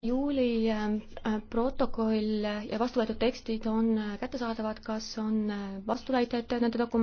juuli ähm, äh, protokoll ja vastuvõetud tekstid on äh, kättesaadavad, kas on äh, vastuväited nende dokumentide